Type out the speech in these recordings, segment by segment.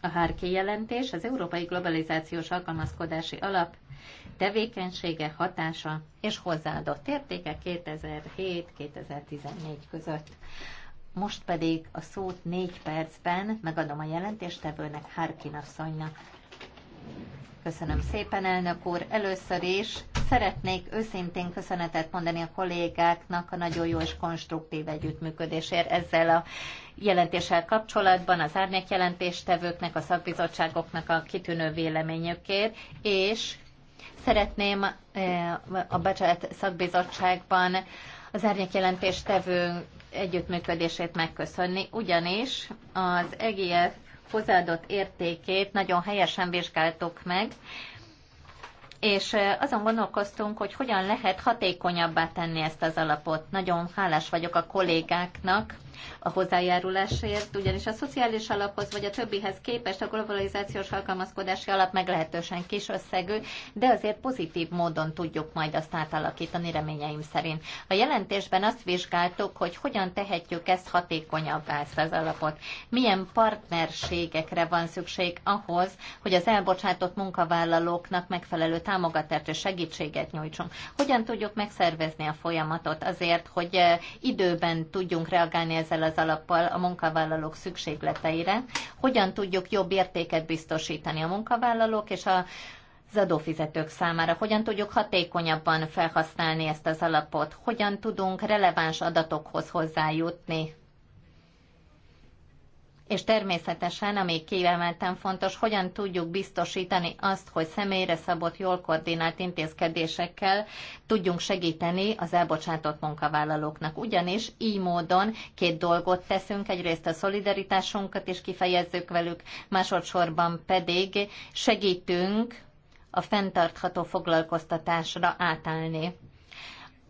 A Harki jelentés az Európai Globalizációs Alkalmazkodási Alap tevékenysége, hatása és hozzáadott értéke 2007-2014 között. Most pedig a szót négy percben megadom a jelentéstevőnek, Harkin asszonynak. Köszönöm szépen, elnök úr. Először is szeretnék őszintén köszönetet mondani a kollégáknak a nagyon jó és konstruktív együttműködésért ezzel a jelentéssel kapcsolatban, az árnyék jelentéstevőknek, a szakbizottságoknak a kitűnő véleményükért, és szeretném eh, a Becsett szakbizottságban az árnyék jelentéstevő együttműködését megköszönni, ugyanis az EGF hozzáadott értékét nagyon helyesen vizsgáltuk meg, és azon gondolkoztunk, hogy hogyan lehet hatékonyabbá tenni ezt az alapot. Nagyon hálás vagyok a kollégáknak, a hozzájárulásért, ugyanis a szociális alaphoz vagy a többihez képest a globalizációs alkalmazkodási alap meglehetősen kis összegű, de azért pozitív módon tudjuk majd azt átalakítani reményeim szerint. A jelentésben azt vizsgáltuk, hogy hogyan tehetjük ezt hatékonyabbá ezt az alapot. Milyen partnerségekre van szükség ahhoz, hogy az elbocsátott munkavállalóknak megfelelő támogatást és segítséget nyújtsunk. Hogyan tudjuk megszervezni a folyamatot azért, hogy eh, időben tudjunk reagálni az ezzel az alappal a munkavállalók szükségleteire, hogyan tudjuk jobb értéket biztosítani a munkavállalók és a az adófizetők számára, hogyan tudjuk hatékonyabban felhasználni ezt az alapot, hogyan tudunk releváns adatokhoz hozzájutni és természetesen, amíg kiemelten fontos, hogyan tudjuk biztosítani azt, hogy személyre szabott, jól koordinált intézkedésekkel tudjunk segíteni az elbocsátott munkavállalóknak. Ugyanis így módon két dolgot teszünk, egyrészt a szolidaritásunkat is kifejezzük velük, másodszorban pedig segítünk a fenntartható foglalkoztatásra átállni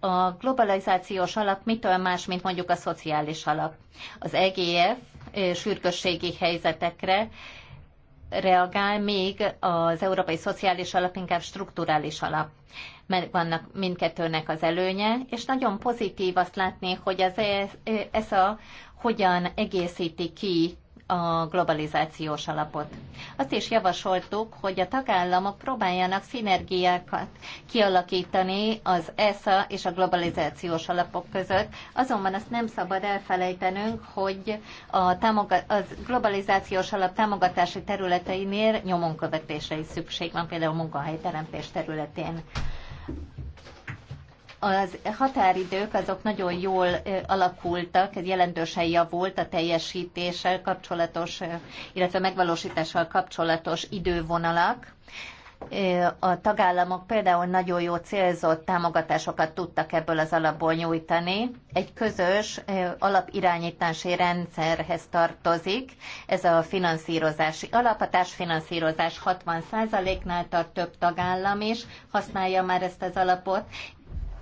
a globalizációs alap mitől más, mint mondjuk a szociális alap? Az EGF sürgősségi helyzetekre reagál, még az Európai Szociális Alap inkább strukturális alap mert vannak mindkettőnek az előnye, és nagyon pozitív azt látni, hogy az ESA e- e hogyan egészíti ki a globalizációs alapot. Azt is javasoltuk, hogy a tagállamok próbáljanak szinergiákat kialakítani az ESA és a globalizációs alapok között, azonban azt nem szabad elfelejtenünk, hogy a támogat- az globalizációs alap támogatási területeinél nyomon követésre is szükség van, például munkahelyteremtés területén az határidők azok nagyon jól alakultak, ez jelentősen javult a teljesítéssel kapcsolatos, illetve megvalósítással kapcsolatos idővonalak. A tagállamok például nagyon jó célzott támogatásokat tudtak ebből az alapból nyújtani. Egy közös alapirányítási rendszerhez tartozik. Ez a finanszírozási alap, a társfinanszírozás 60%-nál tart több tagállam is, használja már ezt az alapot,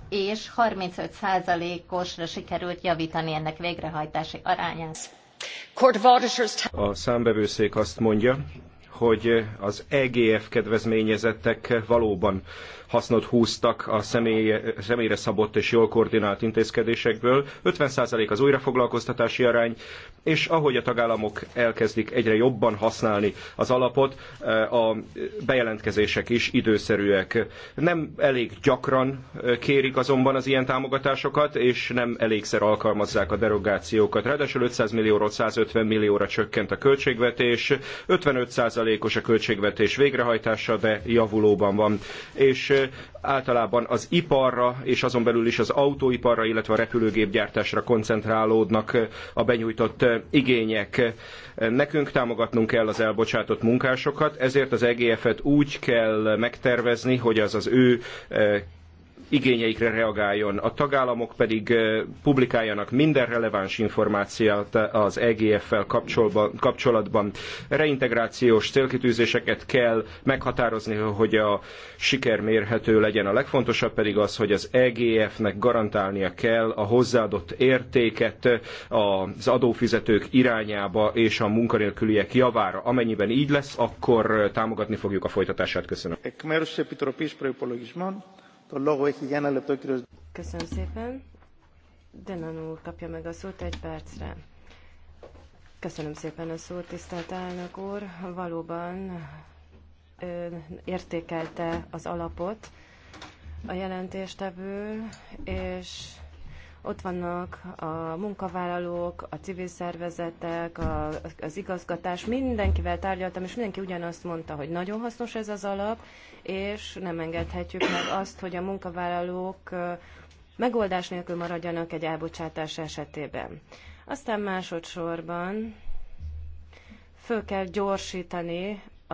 és 35%-osra sikerült javítani ennek végrehajtási arányát. A számbevőszék azt mondja, hogy az EGF kedvezményezettek valóban hasznot húztak a személy, személyre szabott és jól koordinált intézkedésekből. 50% az újrafoglalkoztatási arány, és ahogy a tagállamok elkezdik egyre jobban használni az alapot, eh, a bejelentkezések is időszerűek. Nem elég gyakran eh, kérik azonban az ilyen támogatásokat, és nem elégszer alkalmazzák a derogációkat. Ráadásul 500 millióról 150 millióra csökkent a költségvetés, 55%-os a költségvetés végrehajtása, de javulóban van. És általában az iparra, és azon belül is az autóiparra, illetve a repülőgépgyártásra koncentrálódnak a benyújtott igények. Nekünk támogatnunk kell az elbocsátott munkásokat, ezért az EGF-et úgy kell megtervezni, hogy az az ő igényeikre reagáljon, a tagállamok pedig publikáljanak minden releváns információt az EGF-fel kapcsolatban. Reintegrációs célkitűzéseket kell meghatározni, hogy a siker mérhető legyen. A legfontosabb pedig az, hogy az EGF-nek garantálnia kell a hozzáadott értéket az adófizetők irányába és a munkanélküliek javára. Amennyiben így lesz, akkor támogatni fogjuk a folytatását. Köszönöm. Εκ μέρους της Επιτροπής Προϋπολογισμών Köszönöm szépen. Denan úr kapja meg a szót egy percre. Köszönöm szépen a szót, tisztelt elnök úr. Valóban ö, értékelte az alapot a jelentéstevő, és ott vannak a munkavállalók, a civil szervezetek, a, az igazgatás, mindenkivel tárgyaltam, és mindenki ugyanazt mondta, hogy nagyon hasznos ez az alap, és nem engedhetjük meg azt, hogy a munkavállalók megoldás nélkül maradjanak egy elbocsátás esetében. Aztán másodszorban föl kell gyorsítani a,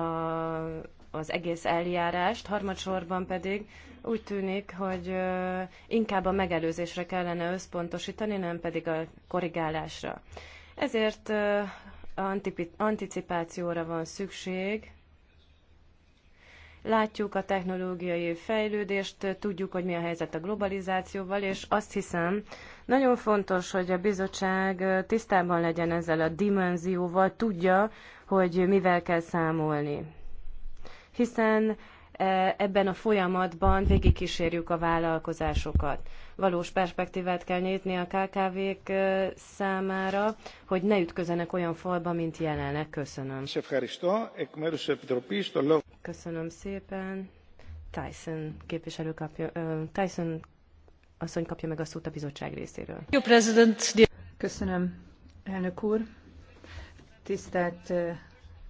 az egész eljárást, harmadsorban pedig úgy tűnik, hogy inkább a megelőzésre kellene összpontosítani, nem pedig a korrigálásra. Ezért anticipációra van szükség. Látjuk a technológiai fejlődést, tudjuk, hogy mi a helyzet a globalizációval, és azt hiszem, nagyon fontos, hogy a bizottság tisztában legyen ezzel a dimenzióval, tudja, hogy mivel kell számolni. Hiszen E, ebben a folyamatban végigkísérjük a vállalkozásokat. Valós perspektívát kell nyitni a KKV-k e, számára, hogy ne ütközenek olyan falba, mint jelenleg. Köszönöm. Köszönöm szépen. Tyson képviselő kapja, Tyson asszony kapja meg a szót a bizottság részéről. Köszönöm, elnök úr. Tisztelt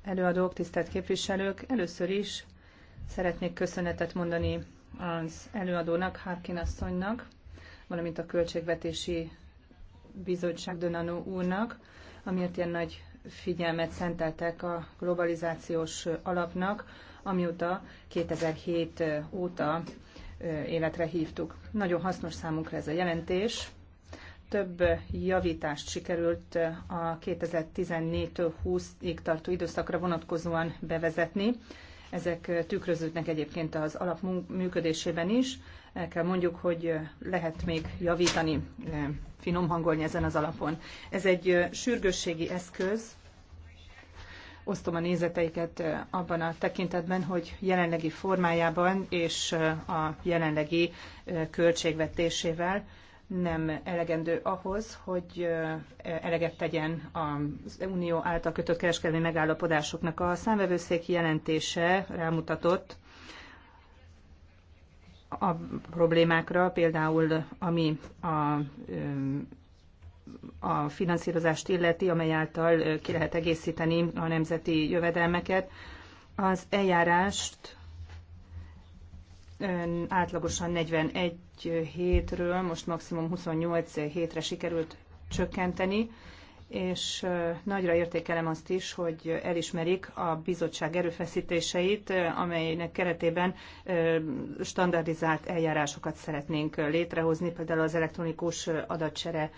előadók, tisztelt képviselők, először is Szeretnék köszönetet mondani az előadónak, Harkin asszonynak, valamint a Költségvetési Bizottság Dönanó úrnak, amiért ilyen nagy figyelmet szenteltek a globalizációs alapnak, amióta 2007 óta életre hívtuk. Nagyon hasznos számunkra ez a jelentés. Több javítást sikerült a 2014-től 20-ig tartó időszakra vonatkozóan bevezetni ezek tükröződnek egyébként az alap működésében is. El kell mondjuk, hogy lehet még javítani, finom hangolni ezen az alapon. Ez egy sürgősségi eszköz, osztom a nézeteiket abban a tekintetben, hogy jelenlegi formájában és a jelenlegi költségvetésével nem elegendő ahhoz, hogy eleget tegyen az Unió által kötött kereskedelmi megállapodásoknak. A számvevőszék jelentése rámutatott a problémákra, például ami a a finanszírozást illeti, amely által ki lehet egészíteni a nemzeti jövedelmeket. Az eljárást átlagosan 41 hétről most maximum 28 hétre sikerült csökkenteni, és nagyra értékelem azt is, hogy elismerik a bizottság erőfeszítéseit, amelynek keretében standardizált eljárásokat szeretnénk létrehozni, például az elektronikus adatsere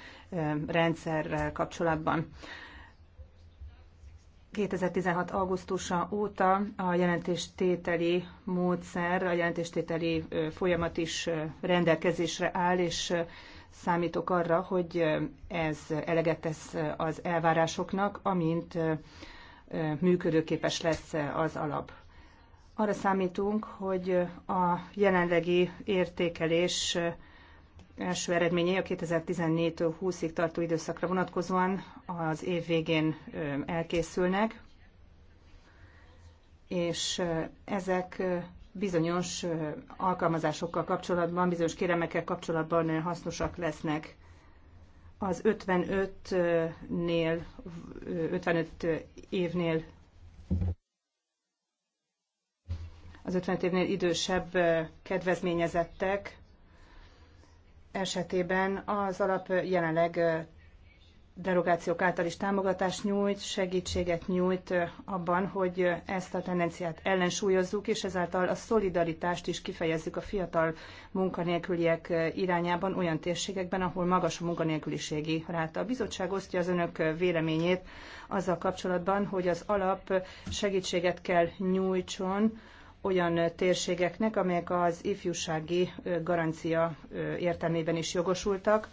rendszerrel kapcsolatban. 2016. augusztusa óta a jelentéstételi módszer, a jelentéstételi folyamat is rendelkezésre áll, és számítok arra, hogy ez eleget tesz az elvárásoknak, amint működőképes lesz az alap. Arra számítunk, hogy a jelenlegi értékelés első eredményei a 2014-től 20-ig tartó időszakra vonatkozóan az év végén elkészülnek, és ezek bizonyos alkalmazásokkal kapcsolatban, bizonyos kéremekkel kapcsolatban hasznosak lesznek. Az 55-nél, 55 évnél az 55 évnél idősebb kedvezményezettek esetében az alap jelenleg derogációk által is támogatást nyújt, segítséget nyújt abban, hogy ezt a tendenciát ellensúlyozzuk, és ezáltal a szolidaritást is kifejezzük a fiatal munkanélküliek irányában olyan térségekben, ahol magas a munkanélküliségi ráta. A bizottság osztja az önök véleményét azzal kapcsolatban, hogy az alap segítséget kell nyújtson olyan térségeknek, amelyek az ifjúsági garancia értelmében is jogosultak,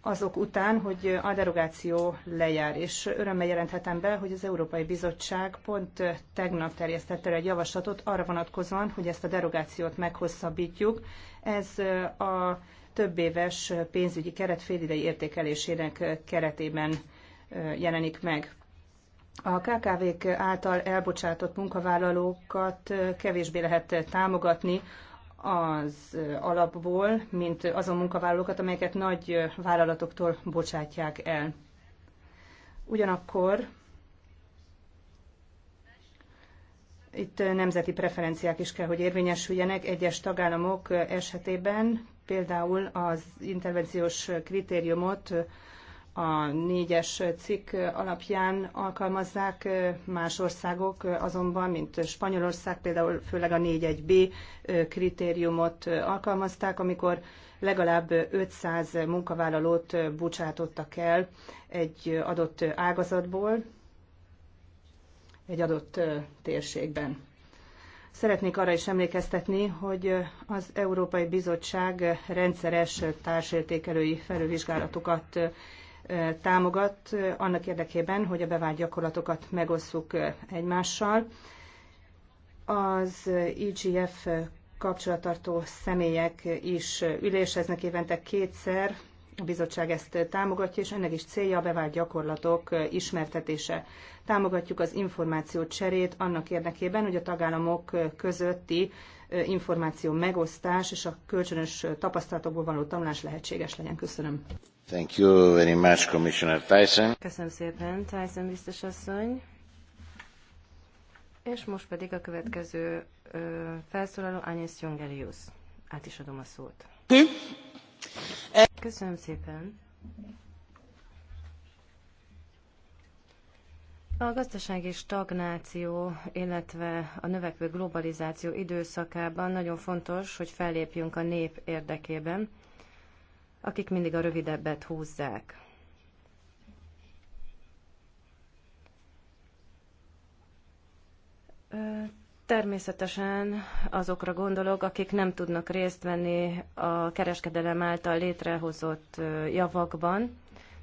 azok után, hogy a derogáció lejár. És örömmel jelenthetem be, hogy az Európai Bizottság pont tegnap terjesztette egy javaslatot arra vonatkozóan, hogy ezt a derogációt meghosszabbítjuk. Ez a több éves pénzügyi keret félidei értékelésének keretében jelenik meg a KKV-k által elbocsátott munkavállalókat kevésbé lehet támogatni az alapból, mint azon munkavállalókat, amelyeket nagy vállalatoktól bocsátják el. Ugyanakkor itt nemzeti preferenciák is kell, hogy érvényesüljenek egyes tagállamok esetében, például az intervenciós kritériumot a négyes cikk alapján alkalmazzák más országok, azonban, mint Spanyolország, például főleg a 4.1b kritériumot alkalmazták, amikor legalább 500 munkavállalót bocsátottak el egy adott ágazatból, egy adott térségben. Szeretnék arra is emlékeztetni, hogy az Európai Bizottság rendszeres társértékelői felülvizsgálatokat támogat annak érdekében, hogy a bevált gyakorlatokat megosszuk egymással. Az IGF e kapcsolattartó személyek is üléseznek évente kétszer, a bizottság ezt támogatja, és ennek is célja a bevált gyakorlatok ismertetése. Támogatjuk az információ cserét annak érdekében, hogy a tagállamok közötti információ megosztás és a kölcsönös tapasztalatokból való tanulás lehetséges legyen. Köszönöm. Thank you very much, Commissioner Tyson. Köszönöm szépen, Tyson biztos asszony. És most pedig a következő ö, felszólaló Agnes Jungelius. Át is adom a szót. Köszönöm szépen. A gazdasági stagnáció, illetve a növekvő globalizáció időszakában nagyon fontos, hogy fellépjünk a nép érdekében akik mindig a rövidebbet húzzák. Természetesen azokra gondolok, akik nem tudnak részt venni a kereskedelem által létrehozott javakban,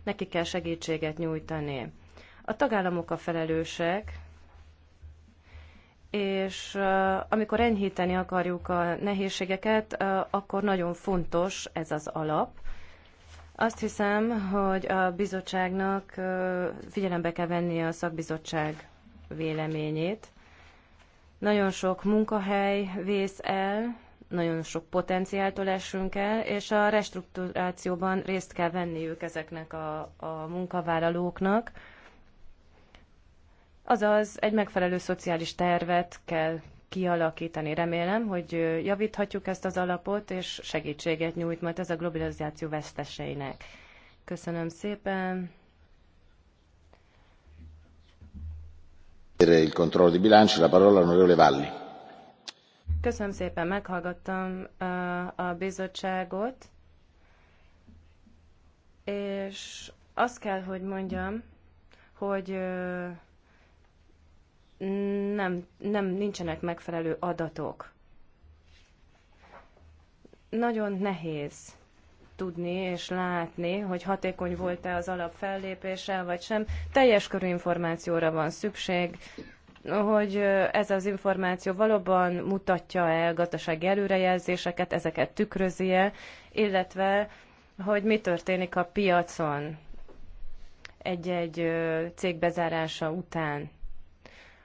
nekik kell segítséget nyújtani. A tagállamok a felelősek, és amikor enyhíteni akarjuk a nehézségeket, akkor nagyon fontos ez az alap, azt hiszem, hogy a bizottságnak figyelembe kell vennie a szakbizottság véleményét. Nagyon sok munkahely vész el, nagyon sok potenciáltól esünk el, és a restrukturációban részt kell venniük ezeknek a, a munkavállalóknak. Azaz egy megfelelő szociális tervet kell kialakítani. Remélem, hogy javíthatjuk ezt az alapot, és segítséget nyújt majd ez a globalizáció veszteseinek. Köszönöm szépen. Il controllo di bilancio, la parola all'onorevole Valli. Köszönöm szépen, meghallgattam a bizottságot, és azt kell, hogy mondjam, hogy nem, nem nincsenek megfelelő adatok. Nagyon nehéz tudni és látni, hogy hatékony volt-e az alap fellépése, vagy sem. Teljes körű információra van szükség, hogy ez az információ valóban mutatja el gazdasági előrejelzéseket, ezeket tükrözi-e, illetve hogy mi történik a piacon egy-egy cég bezárása után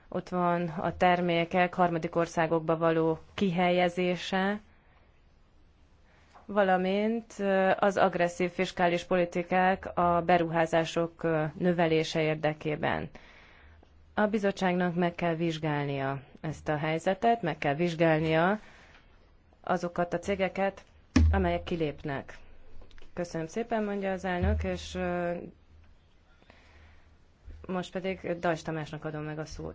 ott van a termékek harmadik országokba való kihelyezése, valamint az agresszív fiskális politikák a beruházások növelése érdekében. A bizottságnak meg kell vizsgálnia ezt a helyzetet, meg kell vizsgálnia azokat a cégeket, amelyek kilépnek. Köszönöm szépen, mondja az elnök, és most pedig Dajs Tamásnak adom meg a szót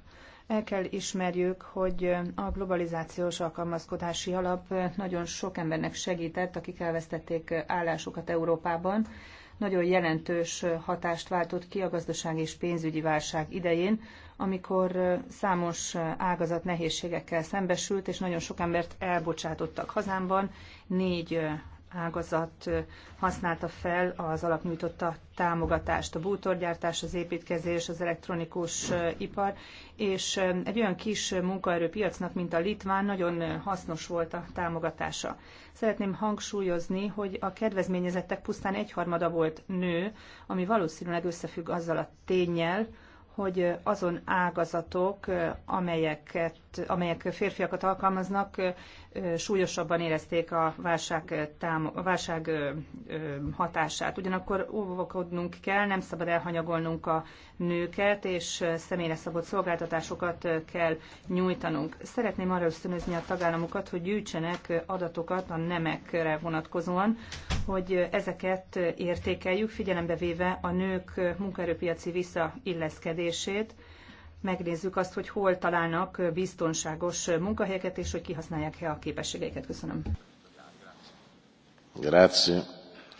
El kell ismerjük, hogy a globalizációs alkalmazkodási alap nagyon sok embernek segített, akik elvesztették állásukat Európában. Nagyon jelentős hatást váltott ki a gazdaság és pénzügyi válság idején, amikor számos ágazat nehézségekkel szembesült, és nagyon sok embert elbocsátottak hazámban. Négy ágazat használta fel az alapnyújtotta támogatást, a bútorgyártás, az építkezés, az elektronikus ipar, és egy olyan kis munkaerőpiacnak, mint a Litván, nagyon hasznos volt a támogatása. Szeretném hangsúlyozni, hogy a kedvezményezettek pusztán egyharmada volt nő, ami valószínűleg összefügg azzal a tényel, hogy azon ágazatok, amelyeket, amelyek férfiakat alkalmaznak, súlyosabban érezték a válság, tám- a válság hatását. Ugyanakkor óvakodnunk kell, nem szabad elhanyagolnunk a nőket, és személyre szabott szolgáltatásokat kell nyújtanunk. Szeretném arra ösztönözni a tagállamokat, hogy gyűjtsenek adatokat a nemekre vonatkozóan, hogy ezeket értékeljük, figyelembe véve a nők munkaerőpiaci visszailleszkedését, működését, megnézzük azt, hogy hol találnak biztonságos munkahelyeket, és hogy kihasználják-e a képességeiket. Köszönöm. Grazie.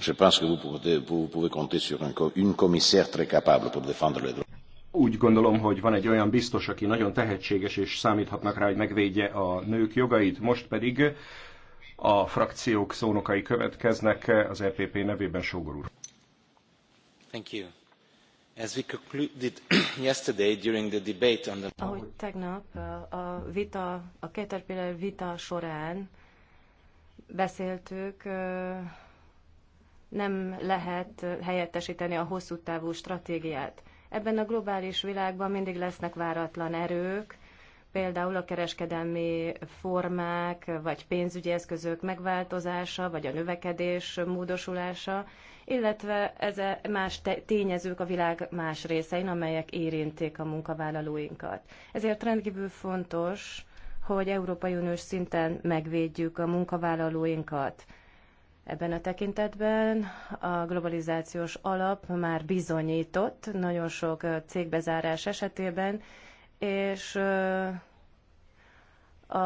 Je pense que vous pouvez, compter sur un, une commissaire très capable pour défendre les droits. Úgy gondolom, hogy van egy olyan biztos, aki nagyon tehetséges, és számíthatnak rá, hogy megvédje a nők jogait. Most pedig a frakciók szónokai következnek az EPP nevében, Sógor úr. Thank you. Ahogy tegnap uh, a vita, a Caterpillar vita során beszéltük, uh, nem lehet uh, helyettesíteni a hosszú távú stratégiát. Ebben a globális világban mindig lesznek váratlan erők, például a kereskedelmi formák, vagy pénzügyi eszközök megváltozása, vagy a növekedés módosulása, illetve ez más tényezők a világ más részein, amelyek érintik a munkavállalóinkat. Ezért rendkívül fontos, hogy Európai Uniós szinten megvédjük a munkavállalóinkat. Ebben a tekintetben a globalizációs alap már bizonyított nagyon sok cégbezárás esetében, és a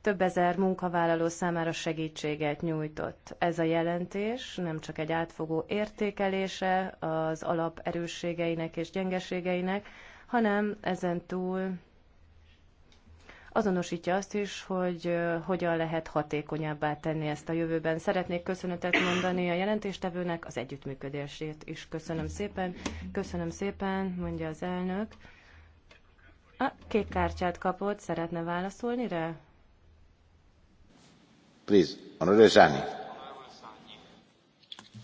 több ezer munkavállaló számára segítséget nyújtott. Ez a jelentés nem csak egy átfogó értékelése az alap erősségeinek és gyengeségeinek, hanem ezen túl azonosítja azt is, hogy hogyan lehet hatékonyabbá tenni ezt a jövőben. Szeretnék köszönetet mondani a jelentéstevőnek, az együttműködését is köszönöm szépen. Köszönöm szépen, mondja az elnök. A kék kártyát kapott, szeretne válaszolni rá? Please, Honorable Sani.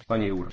Sanyi úr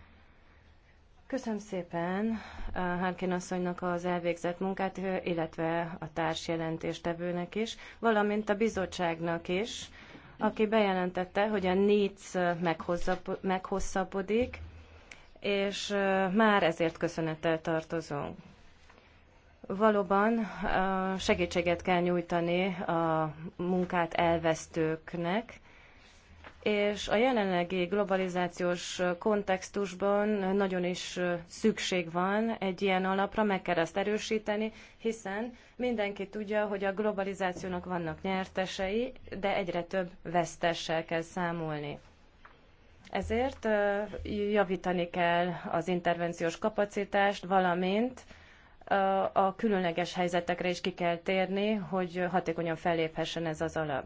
Köszönöm szépen uh, Harkin asszonynak az elvégzett munkát, uh, illetve a társ jelentéstevőnek is, valamint a bizottságnak is, aki bejelentette, hogy a NIC uh, meghosszabbodik, és már ezért köszönettel tartozunk. Valóban segítséget kell nyújtani a munkát elvesztőknek, és a jelenlegi globalizációs kontextusban nagyon is szükség van egy ilyen alapra, meg kell ezt erősíteni, hiszen mindenki tudja, hogy a globalizációnak vannak nyertesei, de egyre több vesztessel kell számolni. Ezért javítani kell az intervenciós kapacitást, valamint a különleges helyzetekre is ki kell térni, hogy hatékonyan felléphessen ez az alap.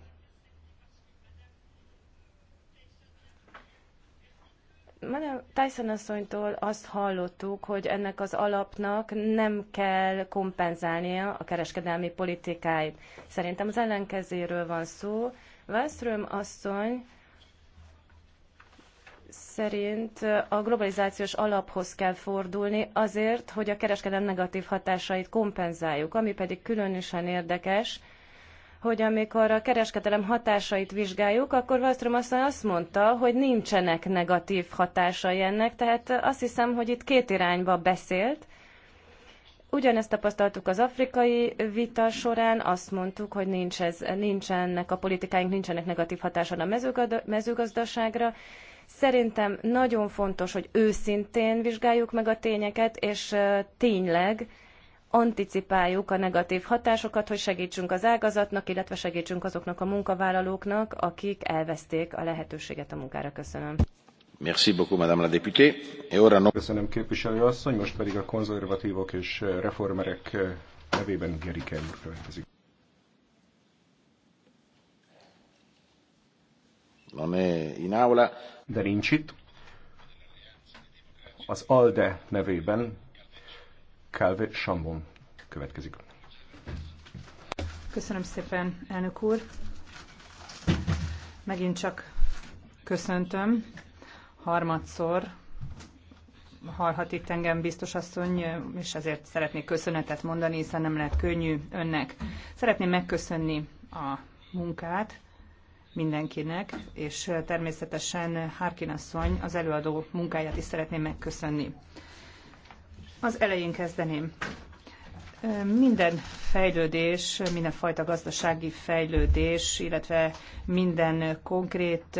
Tyson asszonytól azt hallottuk, hogy ennek az alapnak nem kell kompenzálnia a kereskedelmi politikáit. Szerintem az ellenkezéről van szó. Wallström asszony szerint a globalizációs alaphoz kell fordulni azért, hogy a kereskedelem negatív hatásait kompenzáljuk, ami pedig különösen érdekes, hogy amikor a kereskedelem hatásait vizsgáljuk, akkor Wallström asszony azt mondta, hogy nincsenek negatív hatásai ennek, tehát azt hiszem, hogy itt két irányba beszélt. Ugyanezt tapasztaltuk az afrikai vita során, azt mondtuk, hogy nincs ez, nincsenek a politikáink, nincsenek negatív hatása a mezőgazdaságra. Szerintem nagyon fontos, hogy őszintén vizsgáljuk meg a tényeket, és tényleg anticipáljuk a negatív hatásokat, hogy segítsünk az ágazatnak, illetve segítsünk azoknak a munkavállalóknak, akik elveszték a lehetőséget a munkára. Köszönöm. Merci beaucoup, Madame la députée. Et ora no... Köszönöm képviselő asszony, most pedig a konzervatívok és reformerek nevében Gerike úr következik. Non è in aula. De nincs itt. Az ALDE nevében Calvé Sambon következik. Köszönöm szépen, elnök úr. Megint csak köszöntöm. Harmadszor hallhat itt engem biztos asszony, és ezért szeretnék köszönetet mondani, hiszen nem lehet könnyű önnek. Szeretném megköszönni a munkát mindenkinek, és természetesen Harkin asszony az előadó munkáját is szeretném megköszönni. Az elején kezdeném. Minden fejlődés, mindenfajta gazdasági fejlődés, illetve minden konkrét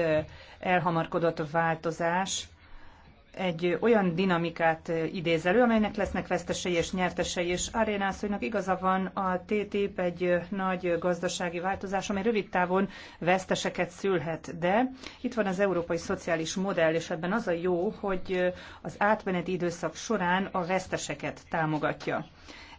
elhamarkodott változás egy olyan dinamikát idéz elő, amelynek lesznek vesztesei és nyertesei, és Arénászonynak igaza van, a TTIP egy nagy gazdasági változás, amely rövid távon veszteseket szülhet, de itt van az európai szociális modell, és ebben az a jó, hogy az átmeneti időszak során a veszteseket támogatja.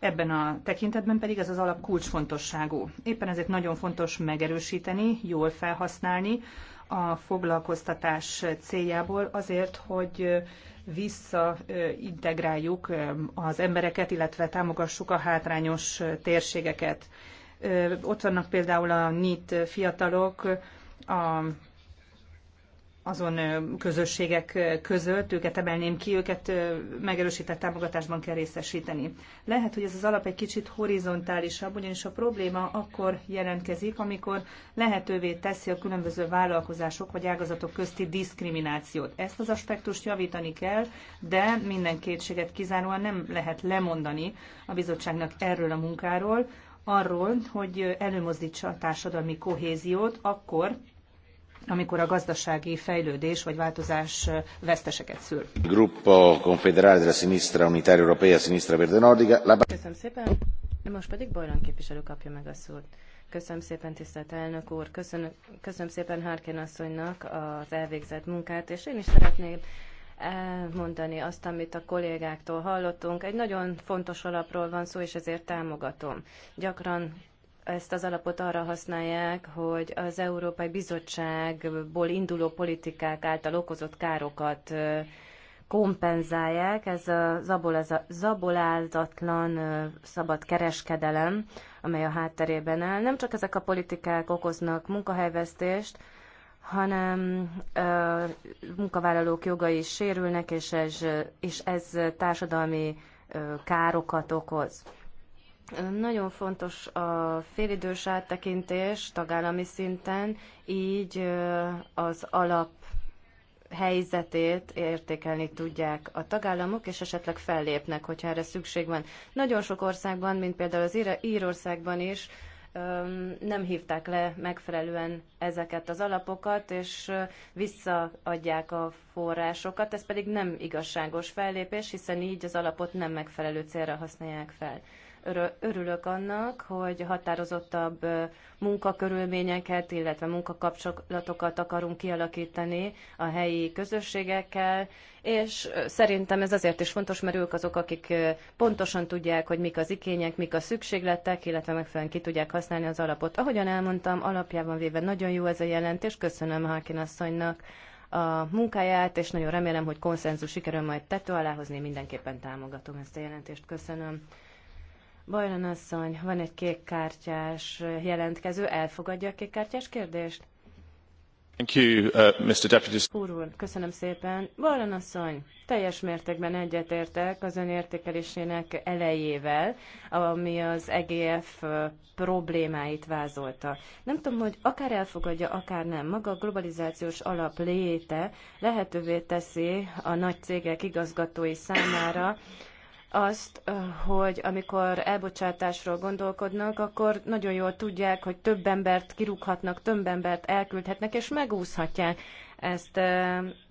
Ebben a tekintetben pedig ez az alap kulcsfontosságú. Éppen ezért nagyon fontos megerősíteni, jól felhasználni, a foglalkoztatás céljából azért, hogy visszaintegráljuk eh, az embereket, illetve támogassuk a hátrányos térségeket. Eh, ott vannak például a NIT fiatalok, a azon közösségek között, őket emelném ki, őket megerősített támogatásban kell részesíteni. Lehet, hogy ez az alap egy kicsit horizontálisabb, ugyanis a probléma akkor jelentkezik, amikor lehetővé teszi a különböző vállalkozások vagy ágazatok közti diszkriminációt. Ezt az aspektust javítani kell, de minden kétséget kizáróan nem lehet lemondani a bizottságnak erről a munkáról, arról, hogy előmozdítsa a társadalmi kohéziót, akkor, amikor a gazdasági fejlődés vagy változás veszteseket szül. Gruppo Confederale della Sinistra Unitaria Europea Sinistra Verde Nordica. La... Köszönöm szépen. Most pedig Bajran képviselő kapja meg a szót. Köszönöm szépen, tisztelt elnök úr. Köszönöm, köszönöm szépen Harkin asszonynak az elvégzett munkát, és én is szeretném elmondani azt, amit a kollégáktól hallottunk. Egy nagyon fontos alapról van szó, és ezért támogatom. Gyakran ezt az alapot arra használják, hogy az Európai Bizottságból induló politikák által okozott károkat kompenzálják. Ez a zabolázatlan szabad kereskedelem, amely a hátterében áll. Nem csak ezek a politikák okoznak munkahelyvesztést, hanem ö, munkavállalók jogai is sérülnek, és ez, és ez társadalmi ö, károkat okoz. Nagyon fontos a félidős áttekintés tagállami szinten, így az alap helyzetét értékelni tudják a tagállamok, és esetleg fellépnek, hogyha erre szükség van. Nagyon sok országban, mint például az Ír- Írországban is, nem hívták le megfelelően ezeket az alapokat, és visszaadják a forrásokat. Ez pedig nem igazságos fellépés, hiszen így az alapot nem megfelelő célra használják fel örülök annak, hogy határozottabb munkakörülményeket, illetve munkakapcsolatokat akarunk kialakítani a helyi közösségekkel, és szerintem ez azért is fontos, mert ők azok, akik pontosan tudják, hogy mik az igények, mik a szükségletek, illetve megfelelően ki tudják használni az alapot. Ahogyan elmondtam, alapjában véve nagyon jó ez a jelentés, köszönöm Halkin asszonynak a munkáját, és nagyon remélem, hogy konszenzus sikerül majd tető aláhozni. Mindenképpen támogatom ezt a jelentést. Köszönöm. Bajran asszony, van egy kékkártyás jelentkező, elfogadja a kékkártyás kérdést? Thank you, uh, Mr. Deputy. Úr, úr, köszönöm szépen. Bajran asszony, teljes mértékben egyetértek az ön értékelésének elejével, ami az EGF uh, problémáit vázolta. Nem tudom, hogy akár elfogadja, akár nem. Maga a globalizációs alap léte lehetővé teszi a nagy cégek igazgatói számára, azt, hogy amikor elbocsátásról gondolkodnak, akkor nagyon jól tudják, hogy több embert kirúghatnak, több embert elküldhetnek, és megúszhatják ezt,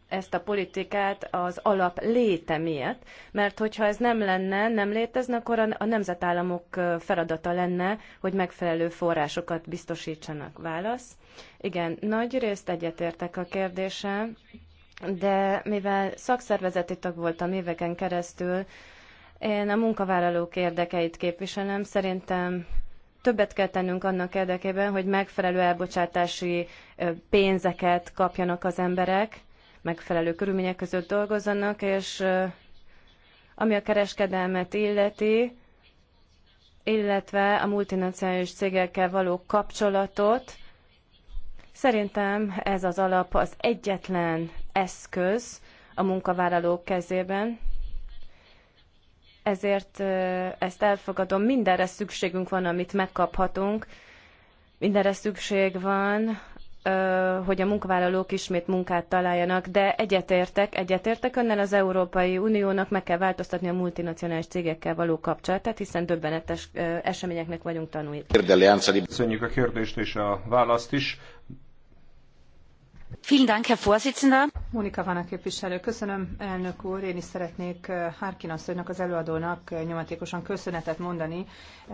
ezt a politikát az alap léte miatt. Mert hogyha ez nem lenne, nem létezne, akkor a nemzetállamok feladata lenne, hogy megfelelő forrásokat biztosítsanak. Válasz. Igen, nagy részt egyetértek a kérdéssel, de mivel szakszervezeti tag voltam éveken keresztül, én a munkavállalók érdekeit képviselem. Szerintem többet kell tennünk annak érdekében, hogy megfelelő elbocsátási pénzeket kapjanak az emberek, megfelelő körülmények között dolgozzanak, és ami a kereskedelmet illeti, illetve a multinacionális cégekkel való kapcsolatot, szerintem ez az alap az egyetlen eszköz a munkavállalók kezében, ezért ezt elfogadom. Mindenre szükségünk van, amit megkaphatunk. Mindenre szükség van, hogy a munkavállalók ismét munkát találjanak, de egyetértek, egyetértek önnel az Európai Uniónak meg kell változtatni a multinacionális cégekkel való kapcsolatát, hiszen döbbenetes eseményeknek vagyunk tanulni. Köszönjük a kérdést és a választ is. Monika Köszönöm, elnök úr. Én is szeretnék eh, Harkin asszonynak, az előadónak eh, nyomatékosan köszönetet mondani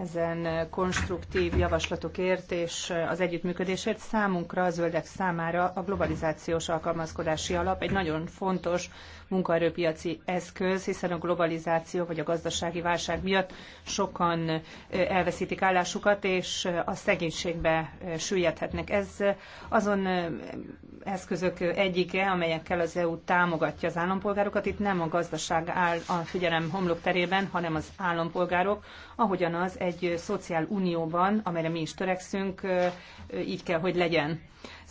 ezen eh, konstruktív javaslatokért és az együttműködésért. Számunkra, a zöldek számára a globalizációs alkalmazkodási alap egy nagyon fontos munkaerőpiaci eszköz, hiszen a globalizáció vagy a gazdasági válság miatt sokan elveszítik állásukat, és a szegénységbe süllyedhetnek. Ez azon eszközök egyike, amelyekkel az EU támogatja az állampolgárokat. Itt nem a gazdaság áll a figyelem homlok terében, hanem az állampolgárok, ahogyan az egy szociál unióban, amelyre mi is törekszünk, így kell, hogy legyen.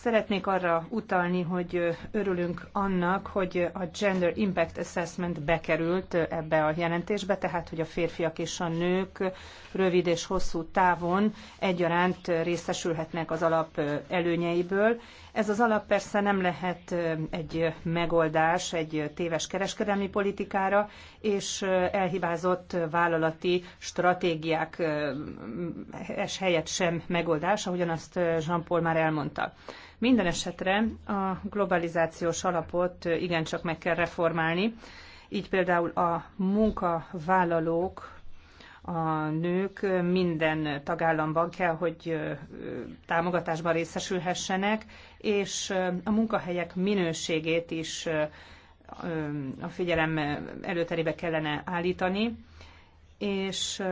Szeretnék arra utalni, hogy örülünk annak, hogy a Gender Impact Assessment bekerült ebbe a jelentésbe, tehát hogy a férfiak és a nők rövid és hosszú távon egyaránt részesülhetnek az alap előnyeiből. Ez az alap persze nem lehet egy megoldás egy téves kereskedelmi politikára, és elhibázott vállalati stratégiák helyett sem megoldás, ahogyan azt Jean-Paul már elmondta. Minden esetre a globalizációs alapot igencsak meg kell reformálni, így például a munkavállalók a nők minden tagállamban kell, hogy támogatásban részesülhessenek, és a munkahelyek minőségét is a figyelem előterébe kellene állítani, és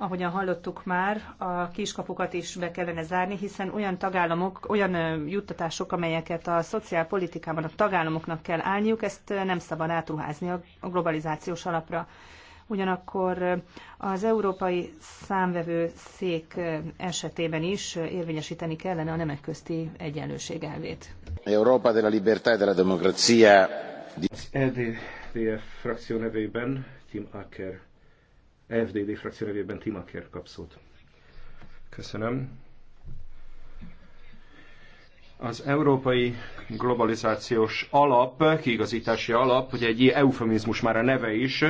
ahogyan hallottuk már, a kiskapukat is be kellene zárni, hiszen olyan tagállamok, olyan juttatások, amelyeket a szociálpolitikában a tagállamoknak kell állniuk, ezt nem szabad átruházni a globalizációs alapra. Ugyanakkor az Európai Számvevő Szék esetében is érvényesíteni kellene a nemek közti egyenlőség elvét. Európa la libertà e la democrazia. Az EDDF frakció nevében Tim Acker FDD frakció nevében Timakér kap szót. Köszönöm. Az európai globalizációs alap, kiigazítási alap, ugye egy eufemizmus már a neve is,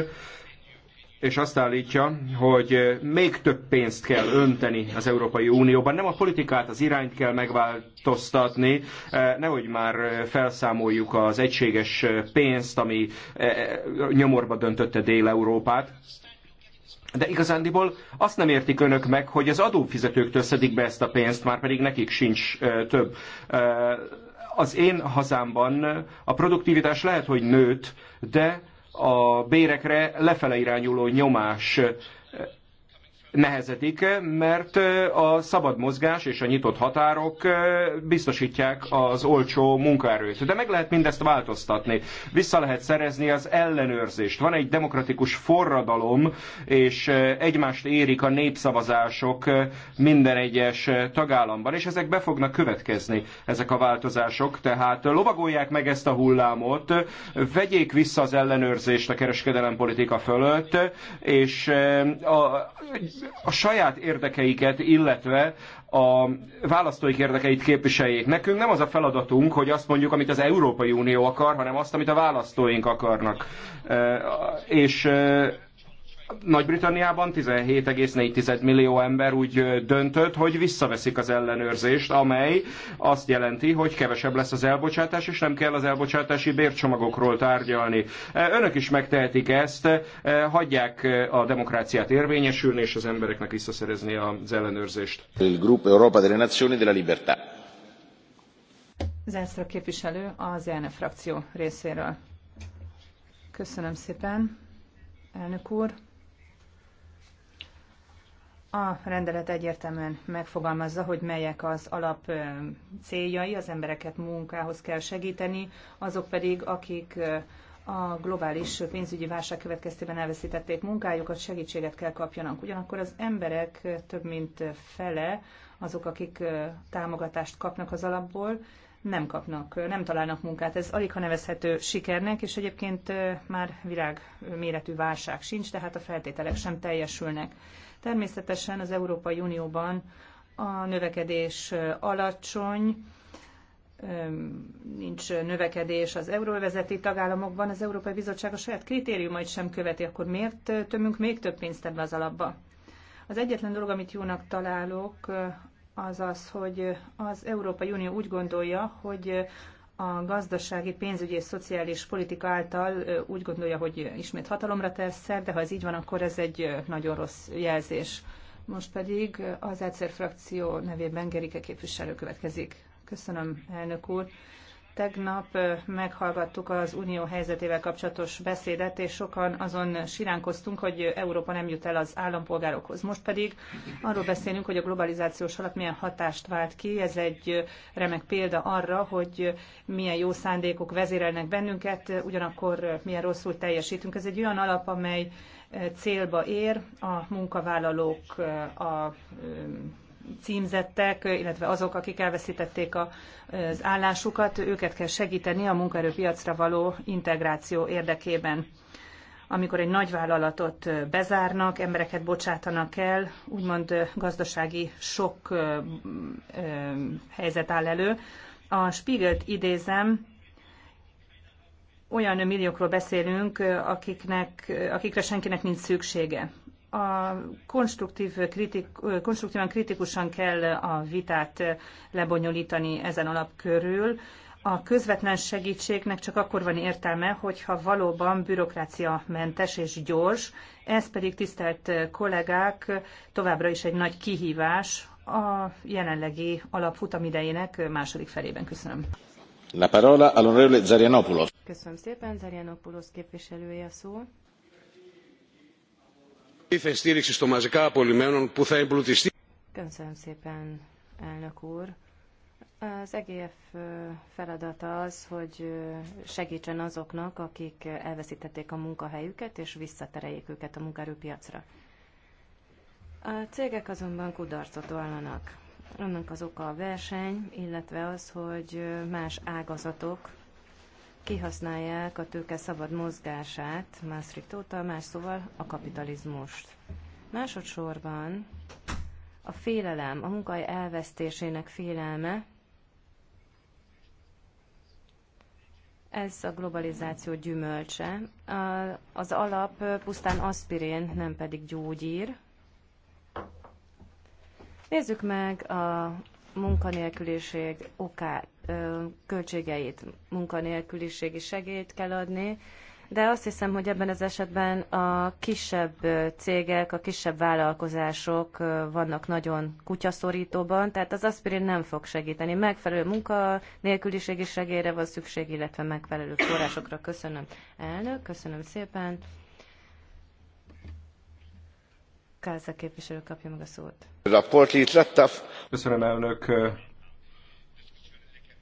és azt állítja, hogy még több pénzt kell önteni az Európai Unióban. Nem a politikát, az irányt kell megváltoztatni, eh, nehogy már felszámoljuk az egységes pénzt, ami eh, eh, nyomorba döntötte Dél-Európát de igazándiból azt nem értik önök meg, hogy az adófizetőktől szedik be ezt a pénzt, már pedig nekik sincs több. az én hazámban a produktivitás lehet, hogy nőtt, de a bérekre lefele irányuló nyomás nehezedik, mert a szabad mozgás és a nyitott határok biztosítják az olcsó munkaerőt. De meg lehet mindezt változtatni. Vissza lehet szerezni az ellenőrzést. Van egy demokratikus forradalom, és egymást érik a népszavazások minden egyes tagállamban, és ezek be fognak következni, ezek a változások. Tehát lovagolják meg ezt a hullámot, vegyék vissza az ellenőrzést a kereskedelempolitika fölött, és a, a saját érdekeiket, illetve a választóik érdekeit képviseljék. Nekünk nem az a feladatunk, hogy azt mondjuk, amit az Európai Unió akar, hanem azt, amit a választóink akarnak. És nagy-Britanniában 17,4 millió ember úgy döntött, hogy visszaveszik az ellenőrzést, amely azt jelenti, hogy kevesebb lesz az elbocsátás, és nem kell az elbocsátási bércsomagokról tárgyalni. Önök is megtehetik ezt, hagyják a demokráciát érvényesülni, és az embereknek visszaszerezni az ellenőrzést. Il Gruppo Europa delle Nazioni della Libertà. képviselő az ELNE frakció részéről. Köszönöm szépen, elnök úr. A rendelet egyértelműen megfogalmazza, hogy melyek az alap céljai, az embereket munkához kell segíteni, azok pedig, akik a globális pénzügyi válság következtében elveszítették munkájukat, segítséget kell kapjanak. Ugyanakkor az emberek több mint fele, azok, akik támogatást kapnak az alapból, nem kapnak, nem találnak munkát. Ez alig ha nevezhető sikernek, és egyébként már világméretű válság sincs, tehát a feltételek sem teljesülnek. Természetesen az Európai Unióban a növekedés alacsony, nincs növekedés az euróvezeti tagállamokban, az Európai Bizottság a saját kritériumait sem követi, akkor miért tömünk még több pénzt ebbe az alapba? Az egyetlen dolog, amit jónak találok, az az, hogy az Európai Unió úgy gondolja, hogy a gazdasági, pénzügyi és szociális politika által úgy gondolja, hogy ismét hatalomra terszer, de ha ez így van, akkor ez egy nagyon rossz jelzés. Most pedig az egyszer frakció nevében Gerike képviselő következik. Köszönöm, elnök úr. Tegnap meghallgattuk az unió helyzetével kapcsolatos beszédet, és sokan azon siránkoztunk, hogy Európa nem jut el az állampolgárokhoz. Most pedig arról beszélünk, hogy a globalizációs alatt milyen hatást vált ki. Ez egy remek példa arra, hogy milyen jó szándékok vezérelnek bennünket, ugyanakkor milyen rosszul teljesítünk. Ez egy olyan alap, amely célba ér a munkavállalók, a címzettek, illetve azok, akik elveszítették az állásukat, őket kell segíteni a munkaerőpiacra való integráció érdekében. Amikor egy nagyvállalatot bezárnak, embereket bocsátanak el, úgymond gazdasági sok helyzet áll elő. A Spiegelt idézem, olyan milliókról beszélünk, akiknek, akikre senkinek nincs szüksége a konstruktív kritik, konstruktívan kritikusan kell a vitát lebonyolítani ezen alap körül. A közvetlen segítségnek csak akkor van értelme, hogyha valóban bürokrácia mentes és gyors, ez pedig tisztelt kollégák továbbra is egy nagy kihívás a jelenlegi alapfutam idejének második felében. Köszönöm. La parola all'onorevole Zarianopoulos. Köszönöm szépen, Zarianopoulos képviselője a szó ύφε στήριξη των μαζικά απολυμμένων που θα εμπλουτιστεί. Köszönöm szépen, elnök úr. Az EGF feladata az, hogy segítsen azoknak, akik elveszítették a munkahelyüket, és visszatereljék őket a munkaerőpiacra. A cégek azonban kudarcot vallanak. Annak az oka a verseny, illetve az, hogy más ágazatok kihasználják a tőke szabad mozgását Maastricht óta, más szóval a kapitalizmust. Másodszorban a félelem, a munkahely elvesztésének félelme, ez a globalizáció gyümölcse. Az alap pusztán aspirin, nem pedig gyógyír. Nézzük meg a munkanélküliség oká, költségeit, munkanélküliségi segélyt kell adni, de azt hiszem, hogy ebben az esetben a kisebb cégek, a kisebb vállalkozások vannak nagyon kutyaszorítóban, tehát az aspirin nem fog segíteni. Megfelelő munkanélküliségi segélyre van szükség, illetve megfelelő forrásokra. Köszönöm, elnök, köszönöm szépen. Káza képviselő kapja meg a szót. Köszönöm elnök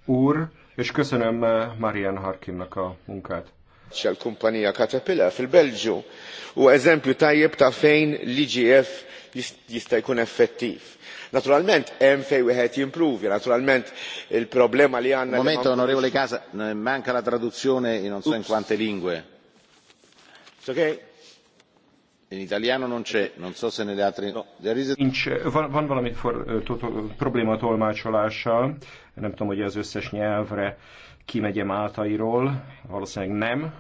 úr, és köszönöm Marian Harkinnak a munkát. Xal-kumpanija Caterpillar fil-Belġu u eżempju tajjeb ta' fejn l-IGF jista' jkun effettiv. Naturalment, hemm fejn wieħed jimpruvi, naturalment il-problema li għandna. Momento, onorevole Casa, manca la traduzione in non so in quante lingue. It's okay. In italiano non c'è, non so se nelle altre... No. is a... Nincs, eh, van, van valami for, eh, to, to, probléma tolmácsolással, nem tudom, hogy az összes nyelvre kimegye Máltairól, valószínűleg nem.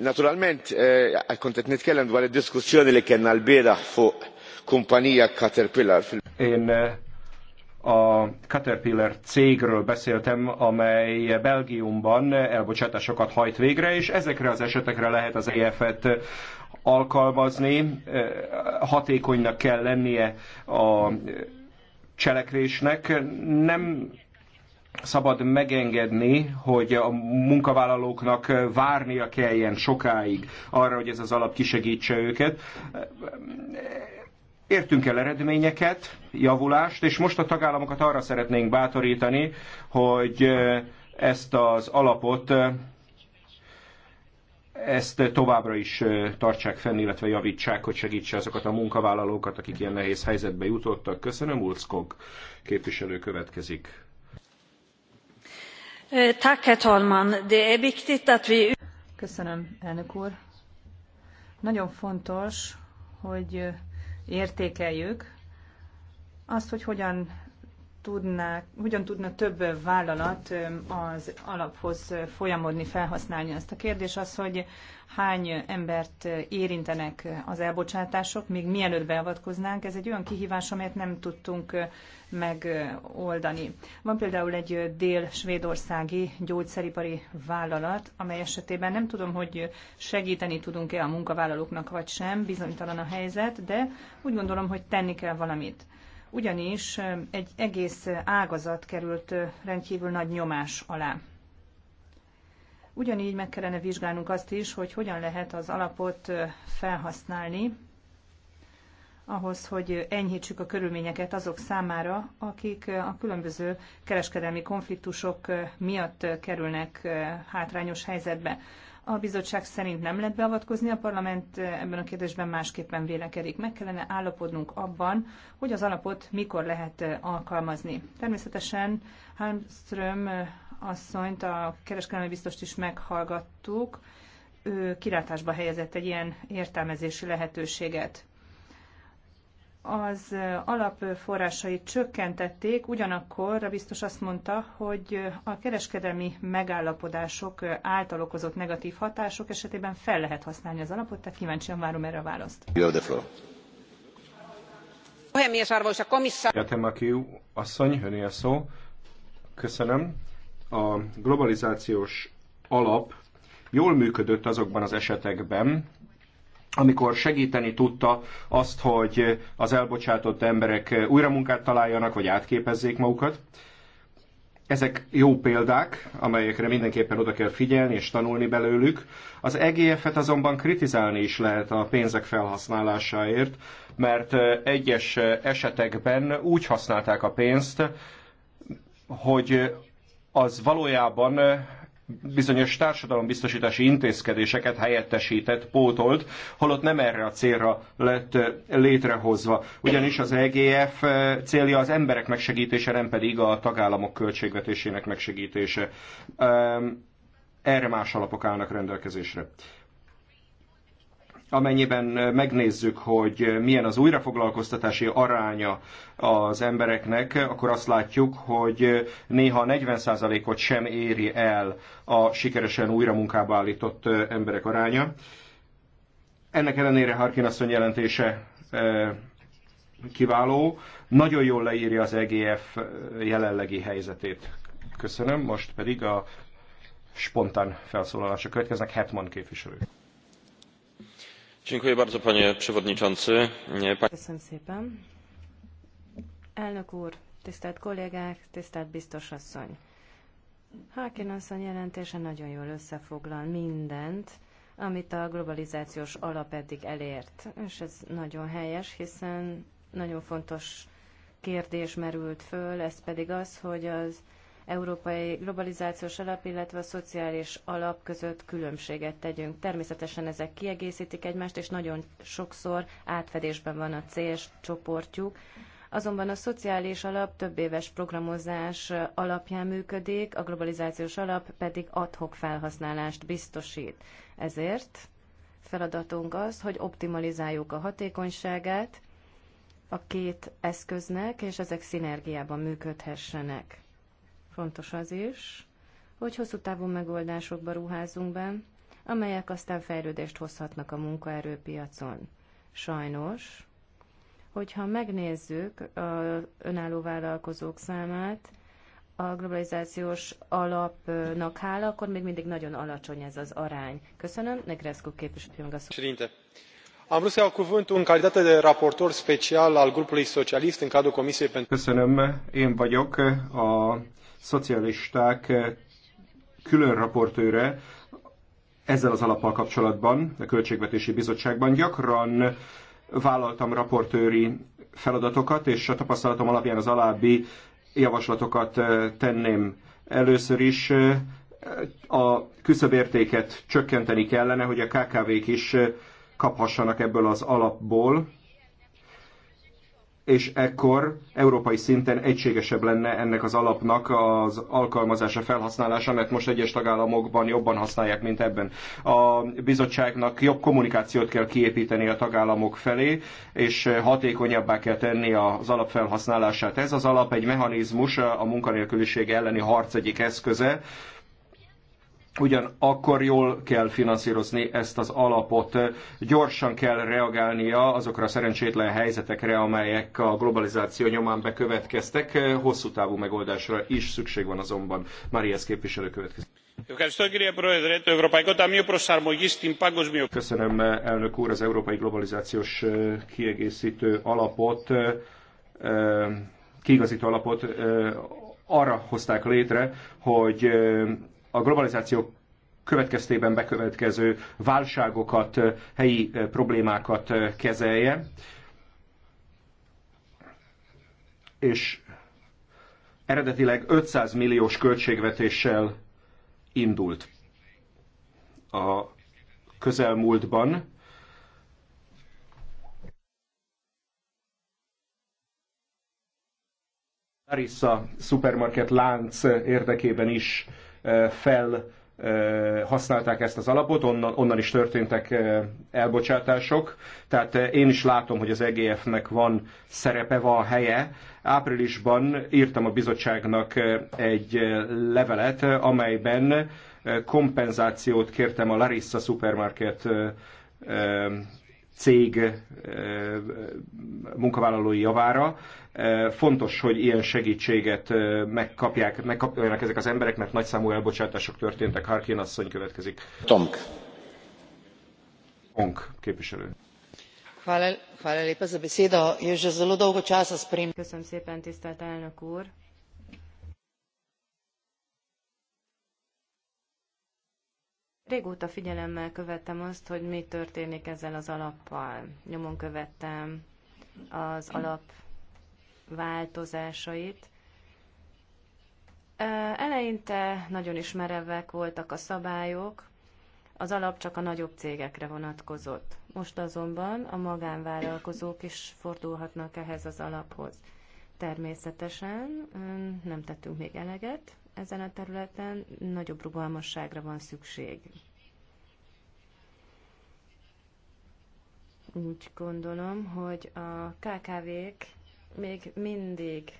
Naturalmente, eh, alkontatni eh, kellem dwar id-diskussjoni li kellna l-bieraħ fuq kumpanija Caterpillar. Én a Caterpillar cégről beszéltem, amely Belgiumban elbocsátásokat hajt végre, és ezekre az esetekre lehet az EF-et alkalmazni, hatékonynak kell lennie a cselekvésnek. Nem szabad megengedni, hogy a munkavállalóknak várnia kelljen sokáig arra, hogy ez az alap kisegítse őket. Értünk el eredményeket, javulást, és most a tagállamokat arra szeretnénk bátorítani, hogy ezt az alapot ezt továbbra is tartsák fenn, illetve javítsák, hogy segítse azokat a munkavállalókat, akik ilyen nehéz helyzetbe jutottak. Köszönöm, Ulckog képviselő következik. E Köszönöm, elnök úr. Nagyon fontos, hogy értékeljük azt, hogy hogyan tudná, hogyan tudna több vállalat az alaphoz folyamodni, felhasználni ezt a kérdés az, hogy hány embert érintenek az elbocsátások, még mielőtt beavatkoznánk, ez egy olyan kihívás, amelyet nem tudtunk megoldani. Van például egy dél-svédországi gyógyszeripari vállalat, amely esetében nem tudom, hogy segíteni tudunk-e a munkavállalóknak vagy sem, bizonytalan a helyzet, de úgy gondolom, hogy tenni kell valamit ugyanis egy egész ágazat került rendkívül nagy nyomás alá. Ugyanígy meg kellene vizsgálnunk azt is, hogy hogyan lehet az alapot felhasználni ahhoz, hogy enyhítsük a körülményeket azok számára, akik a különböző kereskedelmi konfliktusok miatt kerülnek hátrányos helyzetbe. A bizottság szerint nem lehet beavatkozni, a parlament eh, ebben a kérdésben másképpen vélekedik. Meg kellene állapodnunk abban, hogy az alapot mikor lehet eh, alkalmazni. Természetesen Halmström eh, asszonyt, a kereskedelmi biztost is meghallgattuk, ő kilátásba helyezett egy ilyen értelmezési lehetőséget az alapforrásait csökkentették, ugyanakkor a biztos azt mondta, hogy a kereskedelmi megállapodások által okozott negatív hatások esetében fel lehet használni az alapot, tehát kíváncsian várom erre a választ. Puhemies, arvoisa asszony, a szó. Köszönöm. A globalizációs alap jól működött azokban az esetekben, amikor segíteni tudta azt, hogy az elbocsátott emberek újra munkát találjanak, vagy átképezzék magukat. Ezek jó példák, amelyekre mindenképpen oda kell figyelni és tanulni belőlük. Az EGF-et azonban kritizálni is lehet a pénzek felhasználásáért, mert egyes esetekben úgy használták a pénzt, hogy az valójában bizonyos társadalombiztosítási intézkedéseket helyettesített, pótolt, holott nem erre a célra lett létrehozva. Ugyanis az EGF célja az emberek megsegítése, nem pedig a tagállamok költségvetésének megsegítése. Erre más alapok állnak rendelkezésre amennyiben megnézzük, hogy milyen az újrafoglalkoztatási aránya az embereknek, akkor azt látjuk, hogy néha 40%-ot sem éri el a sikeresen újra munkába állított emberek aránya. Ennek ellenére Harkin asszony jelentése kiváló, nagyon jól leírja az EGF jelenlegi helyzetét. Köszönöm, most pedig a spontán felszólalások következnek, Hetman képviselő elnök úr tisztelt kollégák tisztelt biztos asszony! harkin asszony jelentése nagyon jól összefoglal mindent amit a globalizációs alap eddig elért és ez nagyon helyes hiszen nagyon fontos kérdés merült föl ez pedig az hogy az európai globalizációs alap, illetve a szociális alap között különbséget tegyünk. Természetesen ezek kiegészítik egymást, és nagyon sokszor átfedésben van a csoportjuk. Azonban a szociális alap több éves programozás alapján működik, a globalizációs alap pedig adhok felhasználást biztosít. Ezért feladatunk az, hogy optimalizáljuk a hatékonyságát a két eszköznek, és ezek szinergiában működhessenek fontos az is, hogy hosszú távú megoldásokba ruházunk be, amelyek aztán fejlődést hozhatnak a munkaerőpiacon. Sajnos, hogyha megnézzük az önálló vállalkozók számát, a globalizációs alapnak hála, akkor még mindig nagyon alacsony ez az arány. Köszönöm, Negrescu képviselőnk a szó. Am vrut să iau cuvântul în calitate de raportor special al grupului socialist în cadrul Comisiei pentru... Köszönöm, én vagyok a szocialisták eh, külön raportőre ezzel az alappal kapcsolatban, a Költségvetési Bizottságban gyakran vállaltam raportőri feladatokat, és a tapasztalatom alapján az alábbi javaslatokat eh, tenném. Először is eh, a küszöbértéket csökkenteni kellene, hogy a KKV-k is kaphassanak ebből az alapból, és ekkor európai szinten egységesebb lenne ennek az alapnak az alkalmazása, felhasználása, mert most egyes tagállamokban jobban használják, mint ebben. A bizottságnak jobb kommunikációt kell kiépíteni a tagállamok felé, és hatékonyabbá kell tenni az alap felhasználását. Ez az alap egy mechanizmus, a munkanélküliség elleni harc egyik eszköze, ugyanakkor jól kell finanszírozni ezt az alapot, gyorsan kell reagálnia azokra a szerencsétlen helyzetekre, amelyek a globalizáció nyomán bekövetkeztek, hosszú távú megoldásra is szükség van azonban. Marias képviselő következik. Köszönöm, elnök úr, az Európai Globalizációs Kiegészítő Alapot, kiigazító alapot arra hozták létre, hogy a globalizáció következtében bekövetkező válságokat, helyi problémákat kezelje. És eredetileg 500 milliós költségvetéssel indult a közelmúltban. Larissa supermarket lánc érdekében is fel használták ezt az alapot, onnan, onnan is történtek elbocsátások. Tehát én is látom, hogy az EGF-nek van szerepe, van helye. Áprilisban írtam a bizottságnak egy levelet, amelyben kompenzációt kértem a Larissa Supermarket cég munkavállalói javára. Fontos, hogy ilyen segítséget megkapják, megkapjanak ezek az emberek, mert nagyszámú elbocsátások történtek. Harkin asszony következik. Tomk. Tomk képviselő. Köszönöm szépen, tisztelt elnök úr! Régóta figyelemmel követtem azt, hogy mi történik ezzel az alappal. Nyomon követtem az alap változásait. Eleinte nagyon is merevek voltak a szabályok, az alap csak a nagyobb cégekre vonatkozott. Most azonban a magánvállalkozók is fordulhatnak ehhez az alaphoz. Természetesen nem tettünk még eleget, ezen a területen, nagyobb rugalmasságra van szükség. Úgy gondolom, hogy a KKV-k még mindig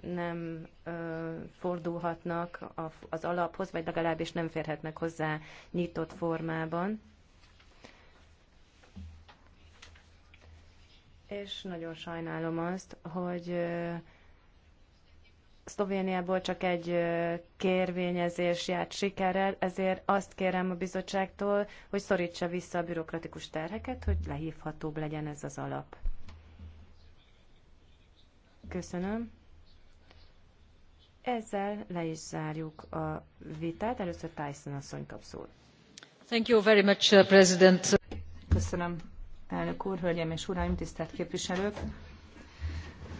nem ö, fordulhatnak a, az alaphoz, vagy legalábbis nem férhetnek hozzá nyitott formában. És nagyon sajnálom azt, hogy ö, Szlovéniából csak egy kérvényezés járt sikerrel, ezért azt kérem a bizottságtól, hogy szorítsa vissza a bürokratikus terheket, hogy lehívhatóbb legyen ez az alap. Köszönöm. Ezzel le is zárjuk a vitát. Először Tyson asszony kap szót. Thank you very much, uh, President. Köszönöm, elnök úr, hölgyeim és uraim, tisztelt képviselők.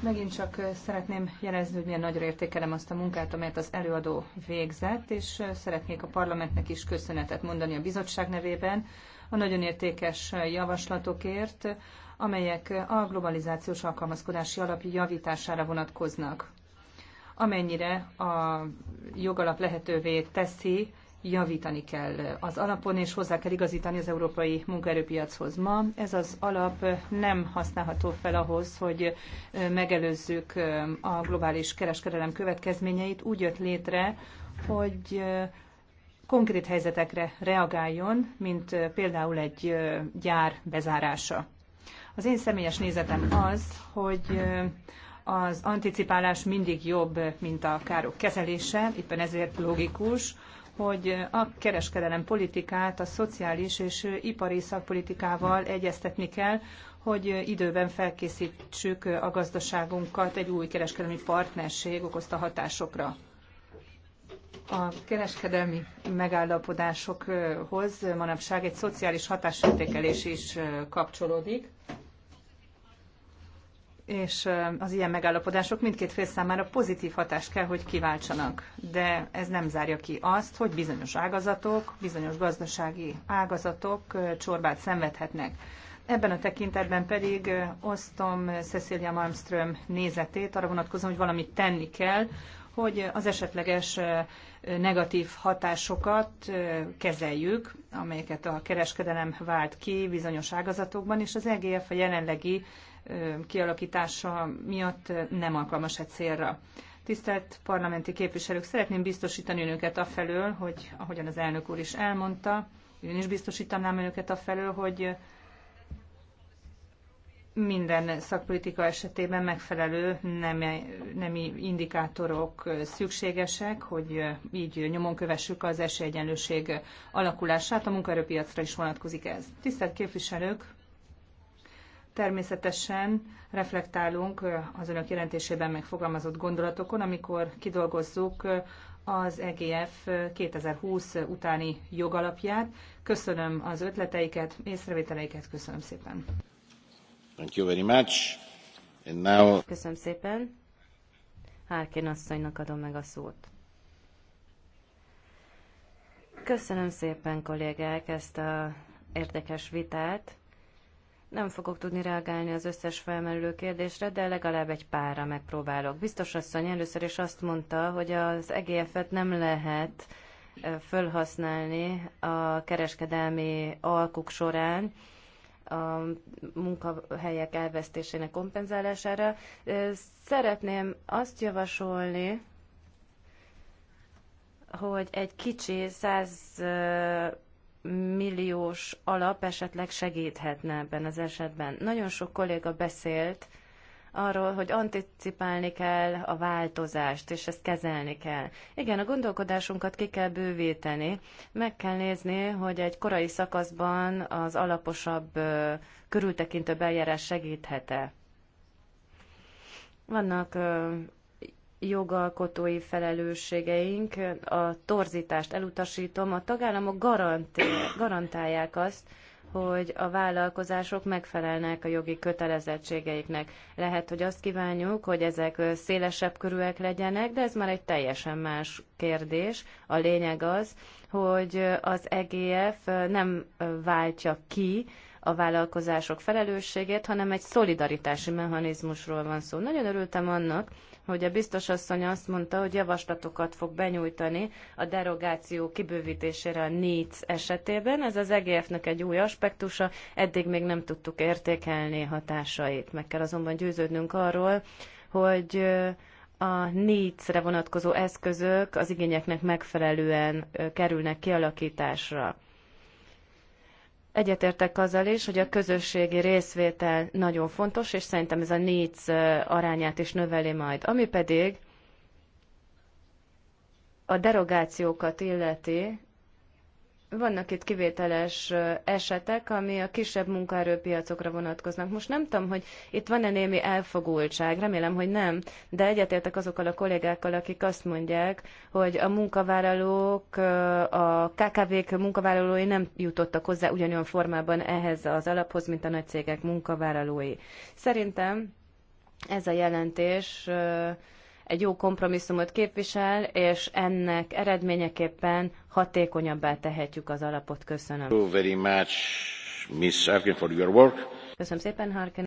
Megint csak szeretném jelezni, hogy milyen nagyra értékelem azt a munkát, amelyet az előadó végzett, és szeretnék a parlamentnek is köszönetet mondani a bizottság nevében a nagyon értékes javaslatokért, amelyek a globalizációs alkalmazkodási alap javítására vonatkoznak. Amennyire a jogalap lehetővé teszi javítani kell az alapon, és hozzá kell igazítani az európai munkaerőpiachoz ma. Ez az alap nem használható fel ahhoz, hogy megelőzzük a globális kereskedelem következményeit. Úgy jött létre, hogy konkrét helyzetekre reagáljon, mint például egy gyár bezárása. Az én személyes nézetem az, hogy az anticipálás mindig jobb, mint a károk kezelése, éppen ezért logikus, hogy a kereskedelem politikát a szociális és ipari szakpolitikával egyeztetni kell, hogy időben felkészítsük a gazdaságunkat egy új kereskedelmi partnerség okozta hatásokra. A kereskedelmi megállapodásokhoz manapság egy szociális hatásértékelés is kapcsolódik és az ilyen megállapodások mindkét fél számára pozitív hatást kell, hogy kiváltsanak. De ez nem zárja ki azt, hogy bizonyos ágazatok, bizonyos gazdasági ágazatok csorbát szenvedhetnek. Ebben a tekintetben pedig osztom Cecilia Malmström nézetét arra vonatkozom, hogy valamit tenni kell, hogy az esetleges negatív hatásokat kezeljük, amelyeket a kereskedelem vált ki bizonyos ágazatokban, és az EGF a jelenlegi kialakítása miatt nem alkalmas egy célra. Tisztelt parlamenti képviselők, szeretném biztosítani önöket afelől, hogy ahogyan az elnök úr is elmondta, én is biztosítanám önöket afelől, hogy minden szakpolitika esetében megfelelő nemi, nemi indikátorok szükségesek, hogy így nyomon kövessük az esélyegyenlőség alakulását. A munkaerőpiacra is vonatkozik ez. Tisztelt képviselők, Természetesen reflektálunk az önök jelentésében megfogalmazott gondolatokon, amikor kidolgozzuk az EGF 2020 utáni jogalapját. Köszönöm az ötleteiket, észrevételeiket, köszönöm szépen. Thank you very much. And now... Köszönöm szépen. Hárkén asszonynak adom meg a szót. Köszönöm szépen, kollégák, ezt a érdekes vitát. Nem fogok tudni reagálni az összes felmerülő kérdésre, de legalább egy párra megpróbálok. Biztos asszony először is azt mondta, hogy az EGF-et nem lehet fölhasználni a kereskedelmi alkuk során a munkahelyek elvesztésének kompenzálására. Szeretném azt javasolni, hogy egy kicsi 100 milliós alap esetleg segíthetne ebben az esetben. Nagyon sok kolléga beszélt arról, hogy anticipálni kell a változást, és ezt kezelni kell. Igen, a gondolkodásunkat ki kell bővíteni, meg kell nézni, hogy egy korai szakaszban az alaposabb, körültekintőbb eljárás segíthet-e. Vannak jogalkotói felelősségeink, a torzítást elutasítom, a tagállamok garantálják azt, hogy a vállalkozások megfelelnek a jogi kötelezettségeiknek. Lehet, hogy azt kívánjuk, hogy ezek szélesebb körűek legyenek, de ez már egy teljesen más kérdés. A lényeg az, hogy az EGF nem váltja ki a vállalkozások felelősségét, hanem egy szolidaritási mechanizmusról van szó. Nagyon örültem annak, hogy a biztos asszony azt mondta, hogy javaslatokat fog benyújtani a derogáció kibővítésére a NEETS esetében. Ez az EGF-nek egy új aspektusa, eddig még nem tudtuk értékelni hatásait. Meg kell azonban győződnünk arról, hogy a NEETS-re vonatkozó eszközök az igényeknek megfelelően kerülnek kialakításra. Egyetértek azzal is, hogy a közösségi részvétel nagyon fontos, és szerintem ez a négy arányát is növeli majd. Ami pedig a derogációkat illeti, vannak itt kivételes esetek, ami a kisebb munkaerőpiacokra vonatkoznak. Most nem tudom, hogy itt van-e némi elfogultság, remélem, hogy nem, de egyetértek azokkal a kollégákkal, akik azt mondják, hogy a munkavállalók, a KKV-k munkavállalói nem jutottak hozzá ugyanolyan formában ehhez az alaphoz, mint a nagy cégek munkavállalói. Szerintem ez a jelentés egy jó kompromisszumot képvisel, és ennek eredményeképpen hatékonyabbá tehetjük az alapot. Köszönöm. Köszönöm szépen, Harkin.